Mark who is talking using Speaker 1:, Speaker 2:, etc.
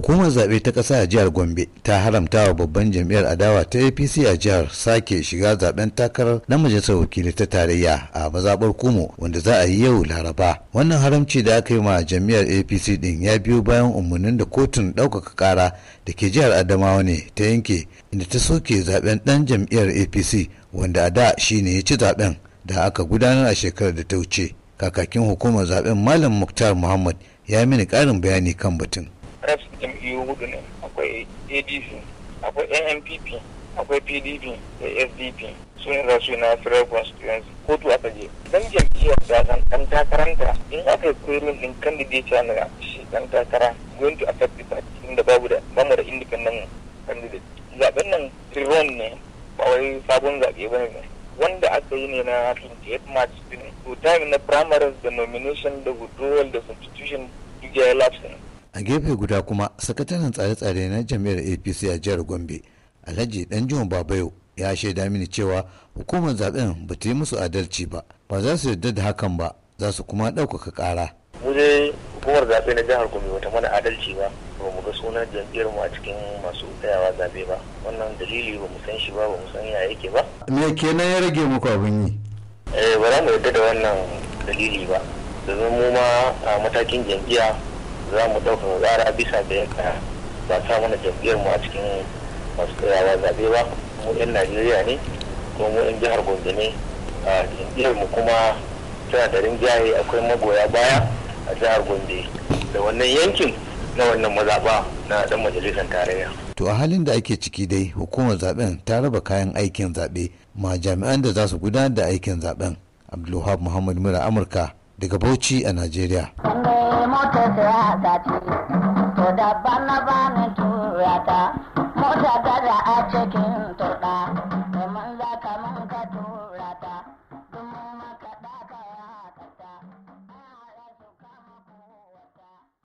Speaker 1: hukumar zaɓe ta ƙasa a jihar gombe ta haramta wa babban jam'iyyar adawa ta apc a jihar sake shiga zaben takarar na majalisar wakili ta tarayya a mazaɓar kumo wanda za a yi yau laraba wannan haramci da aka yi ma jam'iyyar apc ɗin ya biyo bayan umarnin da kotun ɗaukaka ƙara da ke jihar adamawa ne ta yanke inda ta soke zaben ɗan jam'iyyar apc wanda a da shi ne ya ci zaben da aka gudanar a shekarar da ta wuce kakakin hukumar zaben malam muktar muhammad ya mini ƙarin bayani kan batun
Speaker 2: hudu ne akwai adc akwai nmpp akwai pdp da sdp su ne za yi na federal constituency kotu aka je dan jam'iyyar da kan dan takaranta in aka yi kwerin din candidate na shi dan takara going to affect the party inda babu da bamu da independent candidate zaben nan tiron ne ba wai sabon zabe ba ne wanda aka yi ne na 28 march din to time na primaries da nomination da withdrawal da substitution duk ya yi lapsing
Speaker 1: a gefe guda kuma sakataren tsare-tsare na jami'ar apc a jihar gombe alhaji dan babayo ya shaida mini cewa hukumar zaben ba ta yi musu adalci ba ba za su yarda da hakan ba za su kuma ɗaukaka ƙara.
Speaker 3: mu dai hukumar zaɓe na jihar gombe wata mana adalci ba ba mu ga sunan jam'iyyar mu a cikin masu tsayawa zaɓe ba wannan dalili ba mu san shi ba ba mu san ya yake ba.
Speaker 1: me kenan ya rage muku abin yi.
Speaker 3: eh ba za mu yarda da wannan dalili ba domin mu ma a matakin jam'iyya za mu mu zara bisa da ya ba ta mana jam'iyyar mu a cikin masu tsayawa zaɓe ba mu 'yan najeriya ne ko mu 'yan jihar gombe ne a jam'iyyar mu kuma tana da rinjaye akwai magoya baya a jihar gombe da wannan yankin na wannan mazaɓa na ɗan majalisar tarayya.
Speaker 1: to a halin da ake ciki dai hukumar zaben ta raba kayan aikin zaɓe ma jami'an da za su gudanar da aikin zaben abdulwahab muhammad mura amurka daga Bauchi a Najeriya.
Speaker 3: Ne mota a ce, to da na bani turata,